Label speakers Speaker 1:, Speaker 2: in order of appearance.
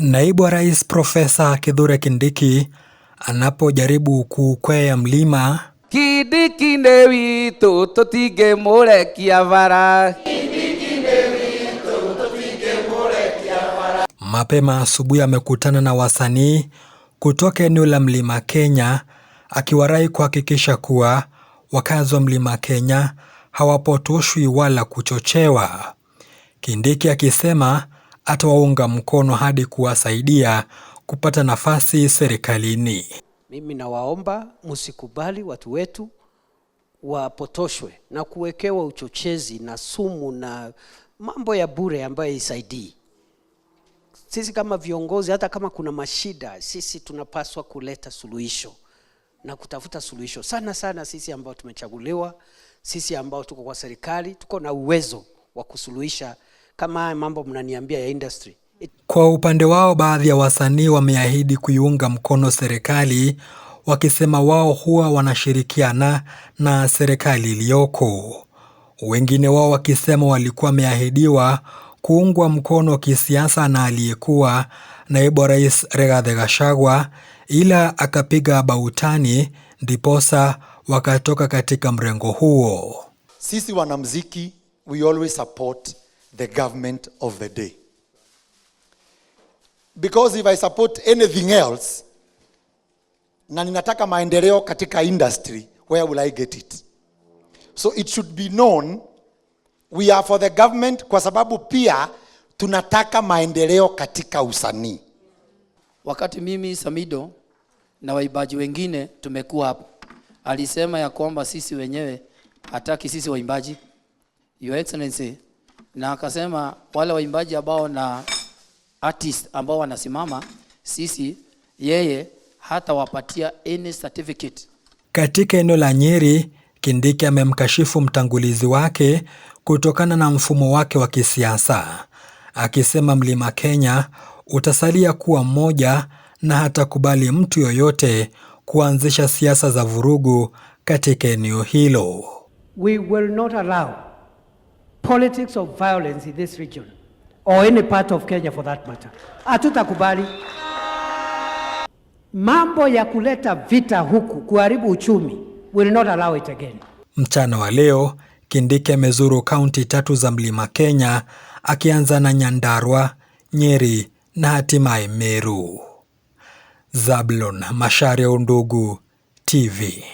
Speaker 1: Naibu wa Rais Profesa Kithure Kindiki anapojaribu kuukwea mlima
Speaker 2: Kindikinde witu tutingemurekia vara
Speaker 1: Mapema asubuhi amekutana na wasanii kutoka eneo la Mlima Kenya akiwarai kuhakikisha kuwa wakazi wa Mlima Kenya hawapotoshwi wala kuchochewa. Kindiki akisema atawaunga mkono hadi kuwasaidia kupata nafasi serikalini.
Speaker 3: Mimi nawaomba msikubali watu wetu wapotoshwe na kuwekewa uchochezi na sumu na mambo ya bure ambayo isaidii. Sisi kama viongozi, hata kama kuna mashida, sisi tunapaswa kuleta suluhisho na kutafuta suluhisho, sana sana sisi ambao tumechaguliwa, sisi ambao tuko kwa serikali, tuko na uwezo wa kusuluhisha kama haya mambo mnaniambia ya industry.
Speaker 1: It... Kwa upande wao baadhi ya wasanii wameahidi kuiunga mkono serikali wakisema wao huwa wanashirikiana na serikali iliyoko. Wengine wao wakisema walikuwa wameahidiwa kuungwa mkono kisiasa na aliyekuwa naibu rais Rigathi Gachagua, ila akapiga bautani, ndiposa wakatoka katika mrengo huo.
Speaker 4: Sisi wanamziki we always support the government of the day. Because if I support anything else, na ninataka maendeleo katika industry, where will I get it? So it should be known we are for the government kwa sababu pia tunataka maendeleo katika usanii.
Speaker 3: Wakati mimi Samido na waimbaji wengine tumekuwa hapo, alisema ya kwamba sisi wenyewe hataki sisi waimbaji. Your Excellency na akasema wale waimbaji ambao na artist ambao wanasimama sisi, yeye hatawapatia any certificate.
Speaker 1: Katika eneo la Nyeri, Kindiki amemkashifu mtangulizi wake kutokana na mfumo wake wa kisiasa, akisema Mlima Kenya utasalia kuwa mmoja na hatakubali mtu yoyote kuanzisha siasa za vurugu katika eneo hilo.
Speaker 5: We will not allow politics of violence in this region or any part of Kenya for that matter. Hatutakubali mambo ya kuleta vita huku kuharibu uchumi, will not allow it again.
Speaker 1: Mchana wa leo Kindiki amezuru kaunti tatu za Mlima Kenya akianza na Nyandarua, Nyeri na hatimaye Meru. Zablon Macharia, Undugu TV.